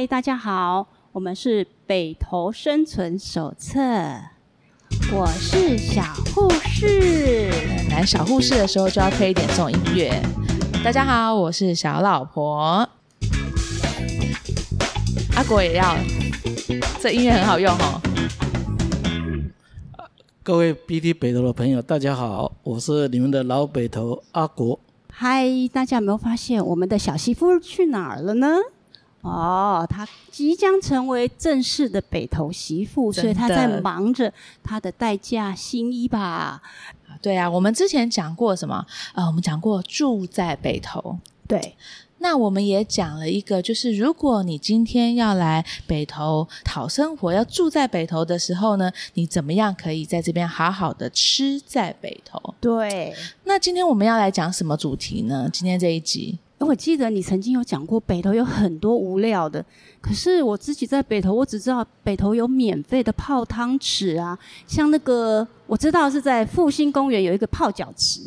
嗨，大家好，我們是北投生存手冊，我是小護士。來小護士的時候就要配一點這種音樂。大家好，我是小老婆。阿國也要，這音樂很好用哦。各位 BT 北投的朋友，大家好，我是你們的老北投阿國。嗨，大家有沒有發現我們的小媳婦去哪兒了呢？哦，他即將成為正式的北投媳婦，真的。所以他在忙着他的待嫁新衣吧。對啊，我們之前講過什麼？呃，我們講過住在北投。對，那我們也講了一個，就是如果你今天要來北投討生活，要住在北投的時候呢，你怎麼樣可以在這邊好好的吃在北投？對。那今天我們要來講什麼主題呢？今天這一集。我記得你曾經有講過北投有很多無料的，可是我自己在北投，我只知道北投有免費的泡湯池啊，像那個我知道是在復興公園有一個泡腳池，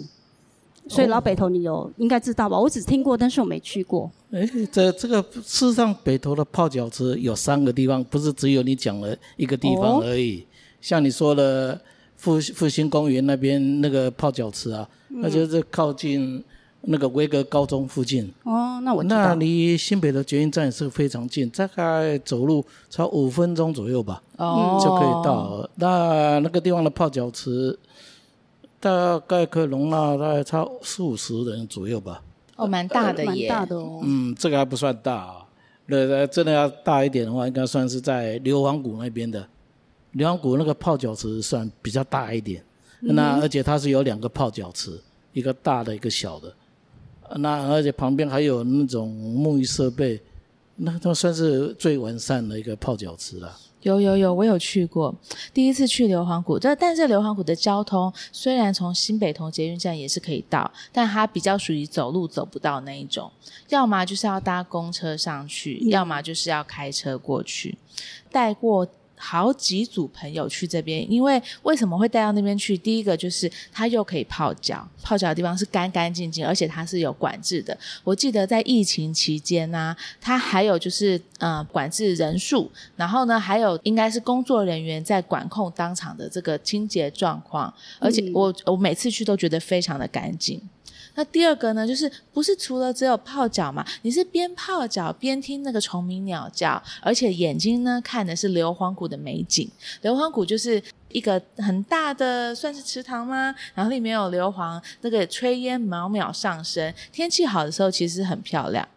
所以老北投你有應該知道吧？我只聽過，但是我沒去過。哦。哎，這這個事實上北投的泡腳池有三個地方，不是只有你講了一個地方而已。哦，像你說的復復興公園那邊那個泡腳池啊，嗯、那就是靠近。那個薇閣高中附近哦，那我知道，那離新北的捷運站也是非常近，大概走路差五分鐘左右吧，哦、就可以到。那那個地方的泡腳池，大概可以容納大概超四五十人左右吧。哦，蠻大的，蠻、呃、大的、哦。嗯，這個還不算大啊。那真的要大一點的話，應該算是在硫磺谷那邊的硫磺谷那個泡腳池算比較大一點。嗯、那而且它是有兩個泡腳池，一個大的，一個小的。那而且旁邊還有那種沐浴設備，那都算是最完善的一個泡腳池了、啊。有有有，我有去過，第一次去硫磺谷，這但這硫磺谷的交通雖然從新北投捷運站也是可以到，但它比較屬於走路走不到那一種，要麼就是要搭公車上去，嗯、要麼就是要開車過去，帶過。好幾組朋友去這邊，因為為什麼會帶到那邊去？第一個就是它又可以泡腳，泡腳的地方是干干淨淨，而且它是有管制的。我記得在疫情期間呢、啊，它還有就是呃管制人數，然後呢還有應該是工作人員在管控當場的這個清潔狀況，而且我、嗯、我每次去都覺得非常的乾淨。那第二個呢，就是不是除了只有泡腳嘛？你是邊泡腳邊聽那個蟲鳴鳥叫，而且眼睛呢看的是硫磺谷的美景。硫磺谷就是一個很大的算是池塘嗎？然後裡面有硫磺，那個炊煙裊裊上升。天氣好的時候其實很漂亮。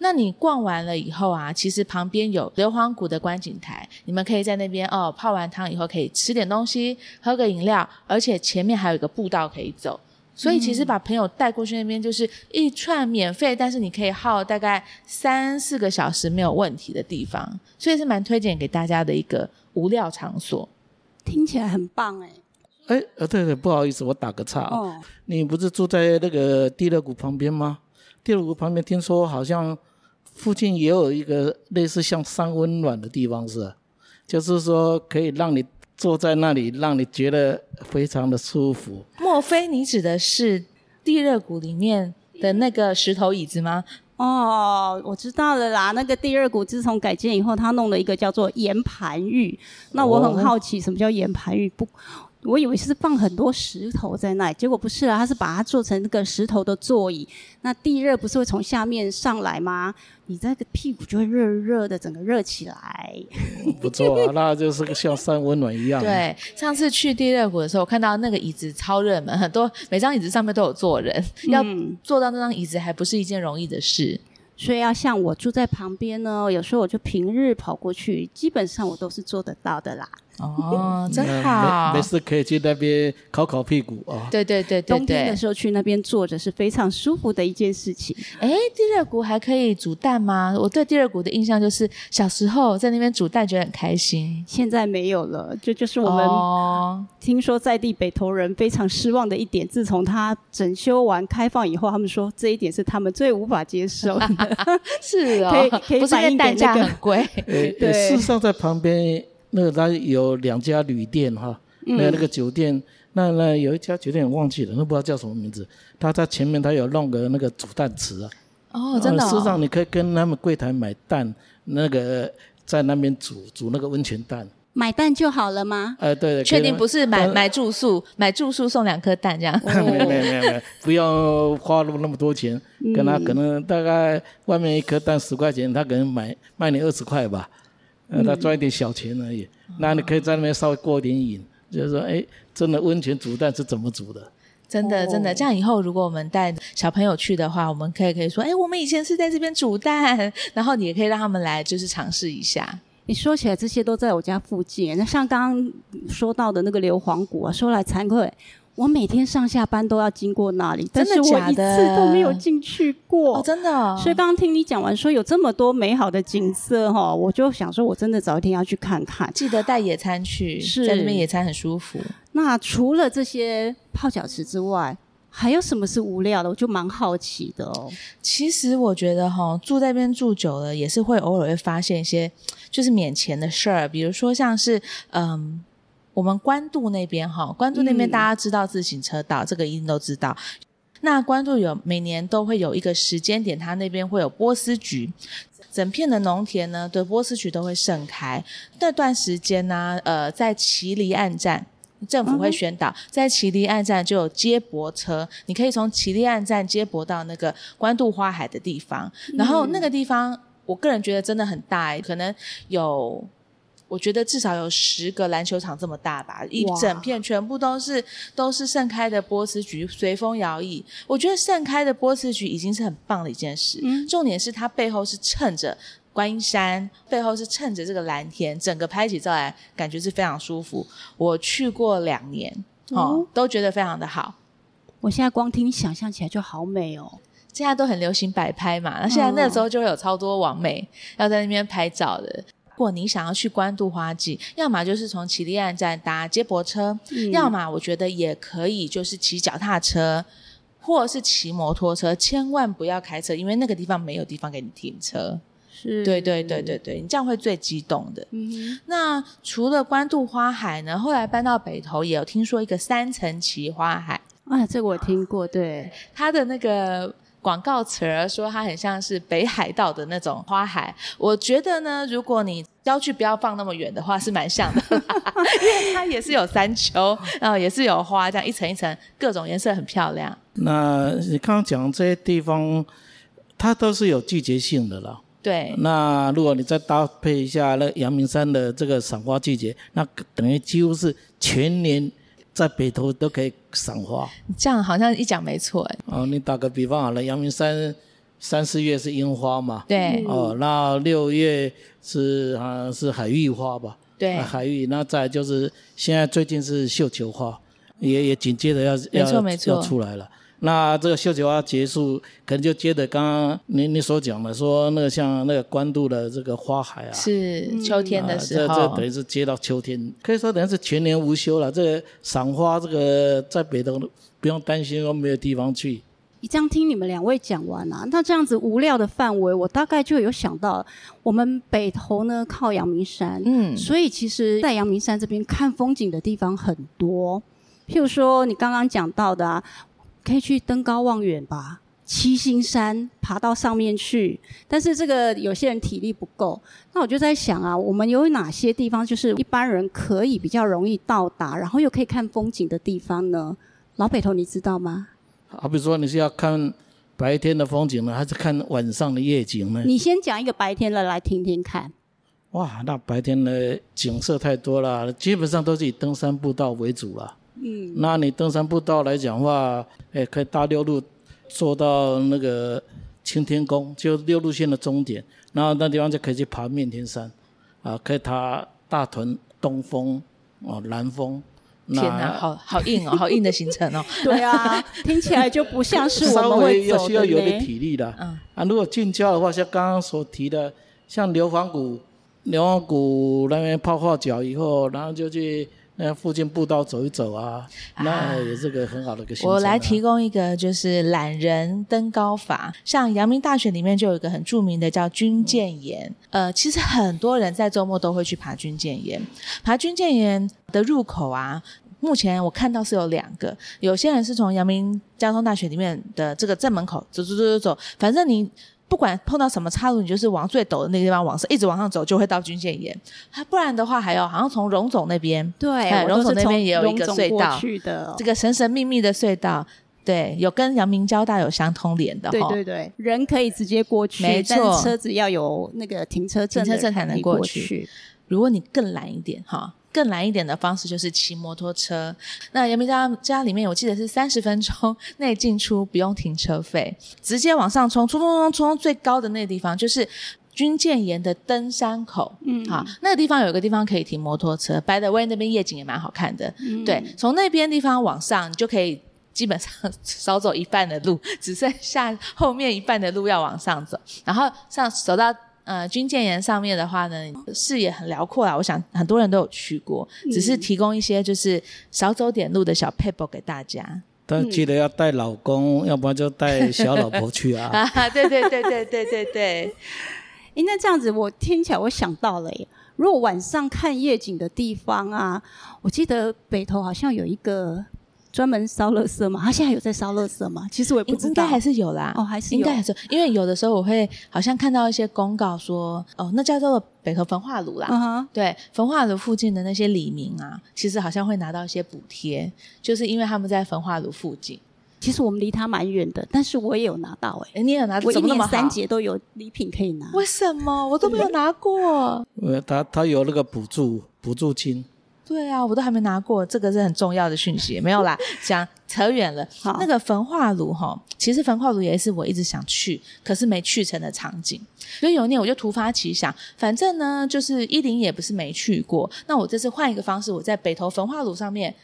那你逛完了以後啊，其實旁邊有硫磺谷的觀景台，你們可以在那邊哦，泡完湯以後可以吃點東西，喝個飲料，而且前面還有一個步道可以走。所以其實把朋友帶過去那邊，就是一串免費，但是你可以耗大概三四個小時沒有問題的地方，所以是蠻推薦給大家的一個無料場所。聽起來很棒、欸、哎。哎呃對對，不好意思，我打個岔哦。你不是住在那個地熱谷旁邊嗎？地熱谷旁邊聽說好像附近也有一個類似像山溫暖的地方是？就是說可以讓你。坐在那裡讓你覺得非常的舒服。莫非你指的是地熱谷裡面的那個石頭椅子嗎？哦，我知道了啦。那個地熱谷自從改建以後，他弄了一個叫做岩盤浴。那我很好奇，什麼叫岩盤浴？不。我以為是放很多石頭在那，結果不是啊，他是把它做成那個石頭的座椅。那地熱不是會從下面上來嗎？你那個屁股就會熱熱的，整個熱起來。不錯、啊， 那就是像三溫暖一樣、啊。對，上次去地熱谷的時候，我看到那個椅子超熱門，很多每張椅子上面都有坐人。嗯、 要坐到那張椅子還不是一件容易的事。所以要像我住在旁邊呢，有時候我就平日跑過去，基本上我都是坐得到的啦。哦，真好，沒事、嗯、可以去那邊烤烤屁股啊。哦、對對對，對，對，對，冬天的時候去那邊坐着是非常舒服的一件事情。哎，地熱谷還可以煮蛋嗎？我對地熱谷的印象就是小時候在那邊煮蛋，覺得很開心。現在沒有了，這就，就是我們、哦、聽說在地北投人非常失望的一點。自從他整修完開放以後，他們說這一點是他們最無法接受的。 是啊、哦， 可以反映蛋、那個、價很貴。對，事實上在旁邊。那個他有兩家旅店哈，嗯、那個酒店，那那有一家酒店我忘記了，那不知道叫什麼名字。他在前面，他有弄個那個煮蛋池啊。哦，真的、哦。事實、啊、上，你可以跟他們櫃台買蛋，那個在那邊煮煮那個溫泉蛋。買蛋就好了嗎？呃，對，確定不是買買買住宿，買住宿送兩顆蛋這樣。哦、沒有沒有沒有，不要花入那麼多錢，跟他可能大概外面一顆蛋十塊錢，他可能買賣你二十塊吧。呃，那他賺一點小錢而已。嗯，那你可以在那邊稍微過一點癮，啊，就是說，哎，真的溫泉煮蛋是怎麼煮的？真的，真的，這樣以後如果我們帶小朋友去的話，我們可以可以說，哎，我們以前是在這邊煮蛋，然後你也可以讓他們來，就是嘗試一下。你說起來，這些都在我家附近。那像剛剛說到的那個硫磺谷啊，說來慚愧。我每天上下班都要經過那裡，但是我一次都沒有進去過，真的假的？所以剛剛聽你講完說有這麼多美好的景色哈，嗯、我就想說我真的找一天要去看看，記得帶野餐去，是在這邊野餐很舒服。那除了這些泡腳池之外，還有什麼是無料的？我就蠻好奇的哦。其實我覺得哈，住在那邊住久了，也是會偶爾會發現一些就是免錢的事兒，比如說像是嗯。我們關渡那邊哈，關渡那邊大家知道自行車道，嗯、這個一定都知道。那關渡有每年都會有一個時間點，它那邊會有波斯菊，整片的農田呢的波斯菊都會盛開。那段時間呢、啊，呃，在唭哩岸站政府會宣導，嗯、在唭哩岸站就有接駁車，你可以從唭哩岸站接駁到那個關渡花海的地方。嗯、然後那個地方，我個人覺得真的很大、欸，可能有。我覺得至少有十個籃球場這麼大吧，一整片全部都是哇都是盛開的波斯菊，隨風搖曳。我覺得盛開的波斯菊已經是很棒的一件事，嗯、重點是它背後是襯着觀音山，背後是襯着這個藍天，整個拍起照來感覺是非常舒服。我去過兩年哦，哦都覺得非常的好。我現在光聽想象起來就好美哦。現在都很流行擺拍嘛，那、啊、現在那時候就會有超多網美要在那邊拍照的。如果你想要去關渡花季，要麼就是從唭哩岸站搭接駁車，嗯、要麼我覺得也可以就是騎腳踏車，或是騎摩托車，千萬不要開車，因為那個地方沒有地方給你停車。是，對對對對對，你這樣會最激動的。嗯哼那除了關渡花海呢？後來搬到北投也有聽說一個三層崎花海啊，這個我聽過。對，他的那個。廣告詞說它很像是北海道的那種花海，我覺得呢，如果你焦距不要放那麼遠的話，是蠻像的， 因為它也是有山丘，然後、呃、也是有花，這樣一層一層，各種顏色很漂亮。那你剛剛講這些地方，它都是有季節性的了。對。那如果你再搭配一下那陽明山的這個賞花季節，那等於幾乎是全年。在北投都可以賞花，這樣好像一講沒錯。哦，你打個比方好了，陽明山三四月是櫻花嘛？對。哦，那六月是好像、呃、是海芋花吧？對，啊、海芋。那再就是現在最近是繡球花，也也緊接着要要要出來了，那這個繡球花結束，可能就接着剛剛您您所講的說，說那個像那個關渡的這個花海啊，是秋天的時候這，這等於是接到秋天，可以說等於是全年無休了。這個賞花，這個在北投不用擔心說沒有地方去。這樣聽你們兩位講完啊，那這樣子無料的範圍，我大概就有想到，我們北投呢，靠陽明山，嗯，所以其實，在陽明山這邊看風景的地方很多，譬如說你剛剛講到的。啊。可以去登高望遠吧，七星山爬到上面去。但是這個有些人體力不夠，那我就在想啊，我們有哪些地方就是一般人可以比較容易到達，然後又可以看風景的地方呢？老北投你知道嗎？好比說你是要看白天的風景呢，還是看晚上的夜景呢？你先講一個白天的來聽聽看。哇，那白天的景色太多了，基本上都是以登山步道為主了啊。嗯，那你登山步道來講的話，哎、欸，可以搭六路坐到那個清天宮，就六路線的終點，然後那地方就可以去爬面天山，啊，可以爬大屯東峰哦、南峰。天哪、啊，好好硬哦， 好硬的行程哦。對啊， 聽起來就不像是我們會走的。稍微要需要有點體力的。嗯，啊，如果近郊的話，像剛剛所提的，像硫磺谷，硫磺谷那邊泡泡腳以後，然後就去。那附近步道走一走啊，啊那也是個很好的一個、啊。我來提供一個就是懶人登高法，像陽明大學裡面就有一個很著名的叫軍艦岩。嗯、呃，其實很多人在周末都會去爬軍艦岩，爬軍艦岩的入口啊，目前我看到是有兩個，有些人是從陽明交通大學裡面的這個正門口走走走走走，反正你。不管碰到什麼岔路，你就是往最陡的那個地方往上，一直往上走，就會到軍艦岩。它不然的話，還有好像從榮總那邊，對，榮、哦、總那邊也有一個隧道去的、哦，這個神神秘秘的隧道，對，有跟陽明交大有相通連的，對對對，齁人可以直接過去，沒錯錯，但車子要有那個停車證才能過去，停車證才能過去。如果你更懶一點，哈。更難一點的方式就是騎摩托車。那陽明家家裡面，我記得是三十分鐘內進出不用停車費，直接往上衝，衝衝衝衝，最高的那個地方就是軍艦岩的登山口。嗯，好、啊、那個地方有一個地方可以停摩托車。By the way，那邊夜景也蠻好看的。嗯、對，從那邊地方往上，你就可以基本上少走一半的路，只剩下後面一半的路要往上走。然後上走到。呃，軍艦岩上面的話呢，視野很遼闊啦。我想很多人都有去過，嗯、只是提供一些就是少走點路的小撇步給大家。但記得要帶老公，嗯、要不然就帶小老婆去啊！ 啊，對對對對對對對。應該、 欸、這樣子我聽起來我想到了耶，如果晚上看夜景的地方啊，我記得北投好像有一個。專門燒垃圾嗎？他、啊、現在有在燒垃圾嗎？其實我也不知道，應該還是有啦。哦，還是有應該還是，因為有的時候我會好像看到一些公告說，哦，那叫做北投焚化爐啦。嗯哼。對，焚化爐附近的那些里民啊，其實好像會拿到一些補貼，就是因為他們在焚化爐附近。其實我們離他蠻遠的，但是我也有拿到哎、欸欸，你也有拿到？我一年三節都有禮品可以拿。以拿為什麼我都沒有拿過？呃，他他有那個補助補助金。對啊，我都還沒拿過，這個是很重要的訊息。 也沒有啦，講扯遠了。好那個焚化爐吼，其實焚化爐也是我一直想去，可是沒去成的場景。所以有一年我就突發奇想，反正呢，就是一零也不是沒去過。那我這次換一個方式，我在北投焚化爐上面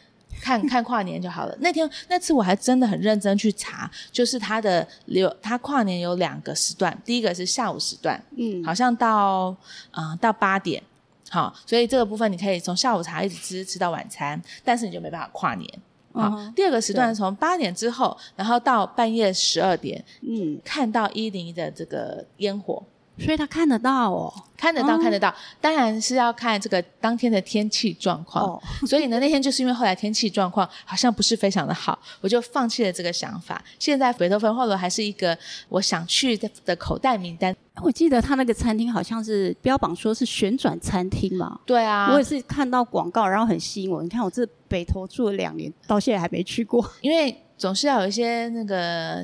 看，看看跨年就好了。 那天那次我還真的很認真去查，就是它的有它跨年有兩個時段，第一個是下午時段，嗯，好像到嗯、呃、到八點。好，所以這個部分你可以從下午茶一直吃吃到晚餐，但是你就沒辦法跨年。好，uh huh. 第二個時段是從八點之後，對然後到半夜十二點，嗯，看到一零一的這個煙火。所以他看得到哦？看得到，嗯、看得到，當然是要看這個當天的天氣狀況。哦、所以呢，那天就是因為後來天氣狀況好像不是非常的好，我就放棄了這個想法。現在北投豐後樓還是一個我想去的的口袋名單。我記得他那個餐廳好像是標榜說是旋轉餐廳嘛，對啊，我也是看到廣告然後很吸引我。你看，我這北投住了兩年，到現在還沒去過，因為。總是要有一些那個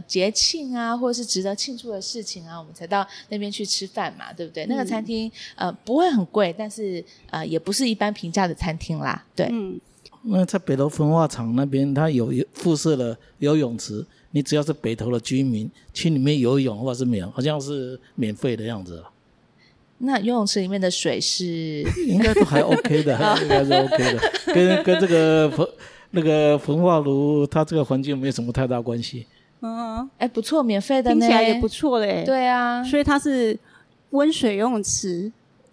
節慶啊，或者是值得慶祝的事情啊，我們才到那邊去吃飯嘛，對不對？嗯、那個餐廳呃不會很貴，但是呃也不是一般平價的餐廳啦。對，嗯、那在北投焚化廠那邊，它有附設了游泳池，你只要是北投的居民去裡面游泳或者是免，好像是免費的樣子。那游泳池裡面的水是 應該都還 OK 的，好應該是 OK 的，跟跟這個 那個焚化爐，它這個環境沒有什麼太大關係。嗯，哎，不錯，免費的，聽起來也不錯嘞。對啊，所以它是溫水游泳池。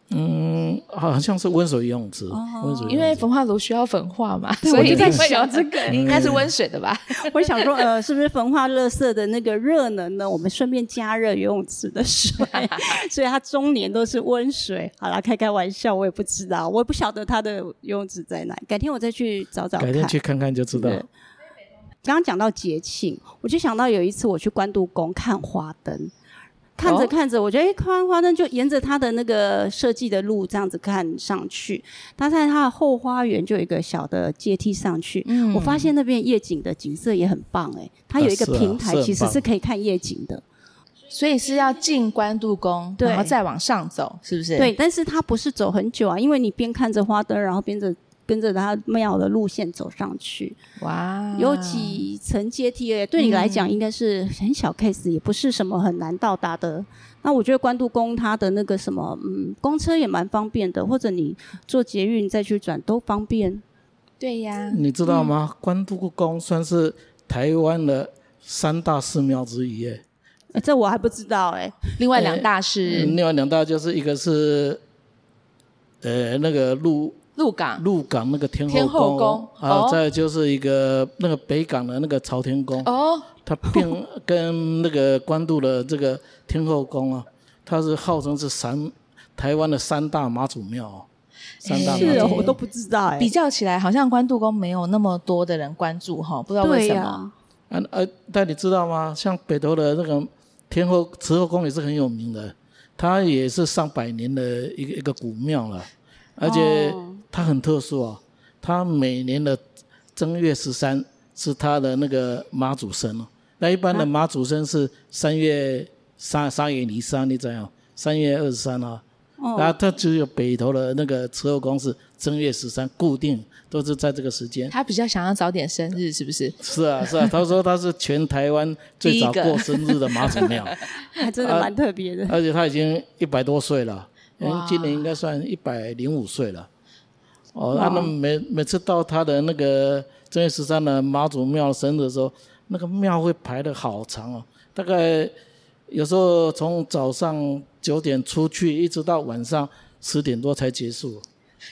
嗯，好像是溫水游泳池，因為焚化爐需要焚化嘛，對所以在想這個你應該是溫水的吧、嗯？我想說，呃，是不是焚化垃圾的那個熱能呢？我們順便加熱游泳池的水， 所以它終年都是溫水。好啦，開開玩笑，我也不知道，我也不曉得它的游泳池在哪，改天我再去找找看，改天去看看就知道。剛剛講到節慶，我就想到有一次我去關渡宮看花燈。看着看着，哦、我覺得哎，看完花燈就沿着它的那個設計的路這樣子看上去，它在它的後花園就有一個小的階梯上去。嗯，我發現那邊夜景的景色也很棒誒、欸、它有一個平台其實是可以看夜景的，所以、啊、是要進關渡宮然後再往上走，是不是？是，是不是對，但是它不是走很久啊，因為你邊看着花燈，然後邊着。跟着他廟的路線走上去，哇，有幾層階梯哎，對你來講應該是很小 case，、嗯、也不是什麼很難到達的。那我覺得關渡宮它的那個什麼，嗯，公車也蠻方便的，或者你坐捷運再去轉都方便。對呀、啊，你知道嗎？嗯、關渡宮算是台灣的三大寺廟之一哎，這我還不知道哎。另外兩大是、欸，另外兩大就是一個是，呃，那個路。鹿港、鹿港那個天後宮，啊，呃、再就是一個、哦、那個北港的那個朝天宮，哦，它並跟那個關渡的這個天後宮啊，它是號稱是三台灣的三大媽祖廟，三大媽祖廟、哎。是哦，我都不知道哎。比較起來，好像關渡宮沒有那麼多的人關注哈、哦，不知道為什麼。啊，呃，但你知道嗎？像北投的那個天后慈後宮也是很有名的，它也是上百年的一個一個古廟了，而且。哦他很特殊哦，他每年的正月十三是他的那個媽祖生、哦、那一般的媽祖生是3月 3,、啊、三月三、三月二十三，你知道，三月二十三啊。那、哦、他只有北投的那個慈後宮是正月十三，固定都是在這個時間。他比較想要早點生日，是不是？是啊，是啊。他說他是全台灣最早過生日的媽祖廟，一 還真的蠻特別的、啊。而且他已經一百多歲了，嗯、今年應該算一百零五歲了。哦 Wow.、啊，那每每次到他的那個正月十三的媽祖廟生日的時候，那個廟會排得好長哦，大概有時候從早上九點出去，一直到晚上十點多才結束。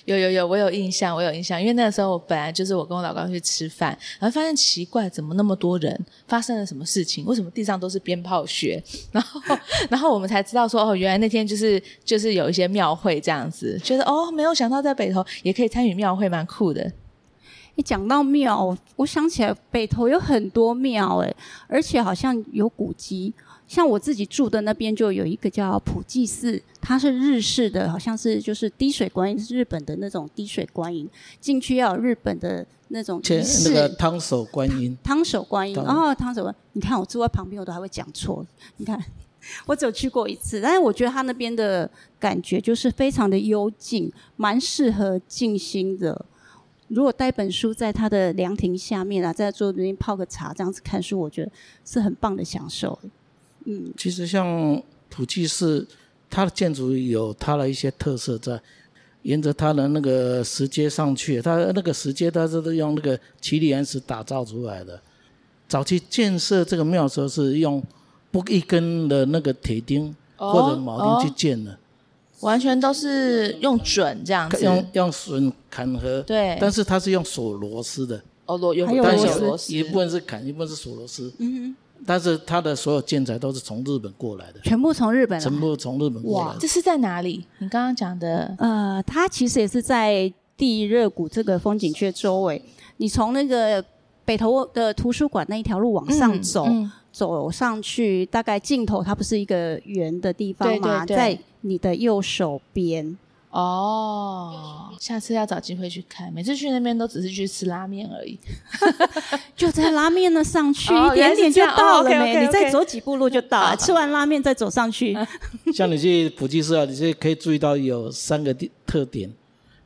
有有有，我有印象，我有印象，因為那個時候我本來就是我跟我老公去吃飯，然後發現奇怪，怎麼那麼多人？發生了什麼事情？為什麼地上都是鞭炮屑？然後，然後我們才知道說，哦，原來那天就是就是有一些廟會這樣子，覺得哦，沒有想到在北投也可以參與廟會，蠻酷的。一講到廟，我想起來北投有很多廟誒，而且好像有古跡。像我自己住的那邊就有一個叫普濟寺，它是日式的，好像是就是滴水觀音，是日本的那種滴水觀音。進去要有日本的那種儀式。那個湯守觀音。湯，湯守觀音，哦，湯守觀音，你看我坐在旁邊，我都還會講錯。你看，我只有去過一次，但是我覺得它那邊的感覺就是非常的幽靜，蠻適合靜心的。如果帶本書在他的涼亭下面啊，在桌子邊泡個茶，這樣子看書，我覺得是很棒的享受。嗯，其實像普濟寺，它的建築有它的一些特色在。沿着它的那個石階上去，它那個石階它是用那個唭哩岸石打造出來的。早期建設這個廟的時候是用不一根的那個鐵釘或者鉚釘去建的、哦哦，完全都是用榫這樣子，用用榫砍合。對。但是它是用鎖螺絲的，哦，用單鎖螺絲，一部分是砍，一部分是鎖螺絲。嗯哼。但是它的所有建材都是從日本過來的，全部從日本、啊，全部從日本過來的。哇，這是在哪裡？你剛剛講的，呃，它其實也是在地熱谷這個風景區周圍。你從那個北投的圖書館那一條路往上走，嗯嗯、走上去，大概盡頭它不是一個圓的地方嗎？對對對。在你的右手邊。哦，oh, 下次要找機會去看。每次去那邊都只是去吃拉麵而已， 就在拉麵那上去，oh, 一點點就到了沒？Oh, okay, okay, okay. 你再走幾步路就到了， 吃完拉麵再走上去。 像你去普濟寺啊，你就可以注意到有三個特特點，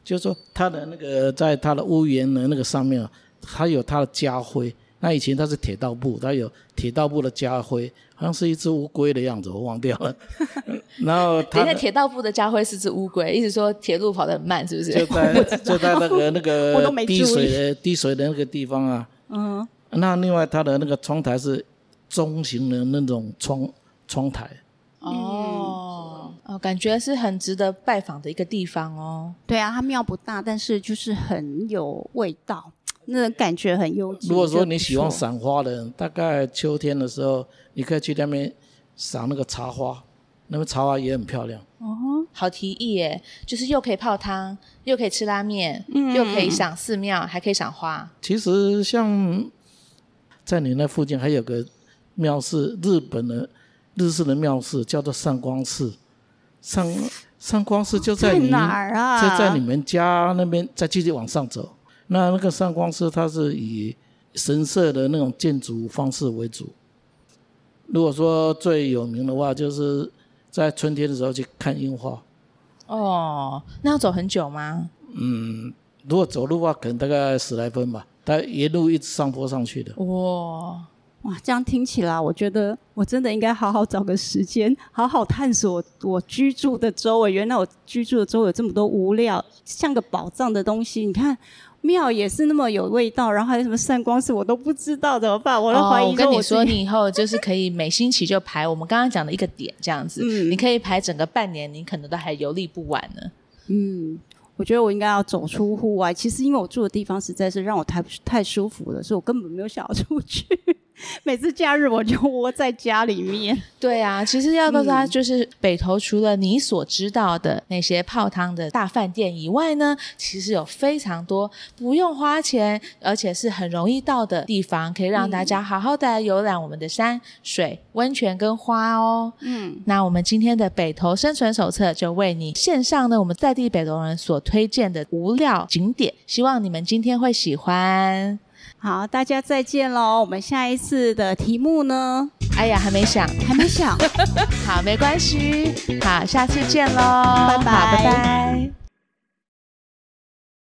就是說它的那個在它的屋檐的那個上面啊，它有它的家徽。那以前它是鐵道部，它有鐵道部的家徽，好像是一隻烏龜的樣子，我忘掉了。 然後它在鐵道部的家徽是只烏龜，意思說鐵路跑得很慢，是不是？就在 就在那個那個 我沒滴水的滴水的那個地方啊。嗯、uh。Huh. 那另外它的那個窗檯是中型的那種窗窗檯。哦的哦，感覺是很值得拜訪的一個地方哦。對啊，它廟不大，但是就是很有味道。那感覺很幽靜。如果說你喜歡賞花的，大概秋天的時候，你可以去那邊賞那個茶花，那個茶花也很漂亮。哦，好提議耶！就是又可以泡湯，又可以吃拉麵，嗯、又可以賞寺廟，還可以賞花。其實，像在你那附近還有個廟寺，日本的日式的廟寺叫做上光寺。上上光寺就在你，哦在哪兒啊，就在你們家那邊，再繼續往上走。那那個三光寺，它是以神社的那種建築方式為主。如果說最有名的話，就是在春天的時候去看櫻花。哦，那要走很久嗎？嗯，如果走路的話，可能大概十來分吧。它沿路一直上坡上去的。哇哇，這樣聽起來，我覺得我真的應該好好找個時間，好好探索我，我居住的周圍。原來我居住的周圍有這麼多無料，像個寶藏的東西。你看。廟也是那麼有味道，然後還有什麼散光寺？我都不知道怎麼辦，我都懷疑、oh, 我,我跟你說，你以後就是可以每星期就排我們剛剛講的一個點這樣子， 嗯，你可以排整個半年，你可能都還遊歷不完呢。嗯，我覺得我應該要走出戶外。其實因為我住的地方實在是讓我太太舒服了，所以我根本沒有想要出去。每次假日我就窩在家裡面。 對啊，其實要告訴大家，就是北投除了你所知道的那些泡湯的大飯店以外呢，其實有非常多不用花錢，而且是很容易到的地方，可以讓大家好好的來遊覽我們的山水、溫泉跟花哦。嗯，那我們今天的北投生存手冊就為你獻上呢，我們在地北投人所推薦的無料景點，希望你們今天會喜歡。好，大家再見嘍！我們下一次的題目呢？哎呀，還沒想，還沒想。 好，沒關係，好，下次見嘍！拜拜 bye，拜拜。Bye bye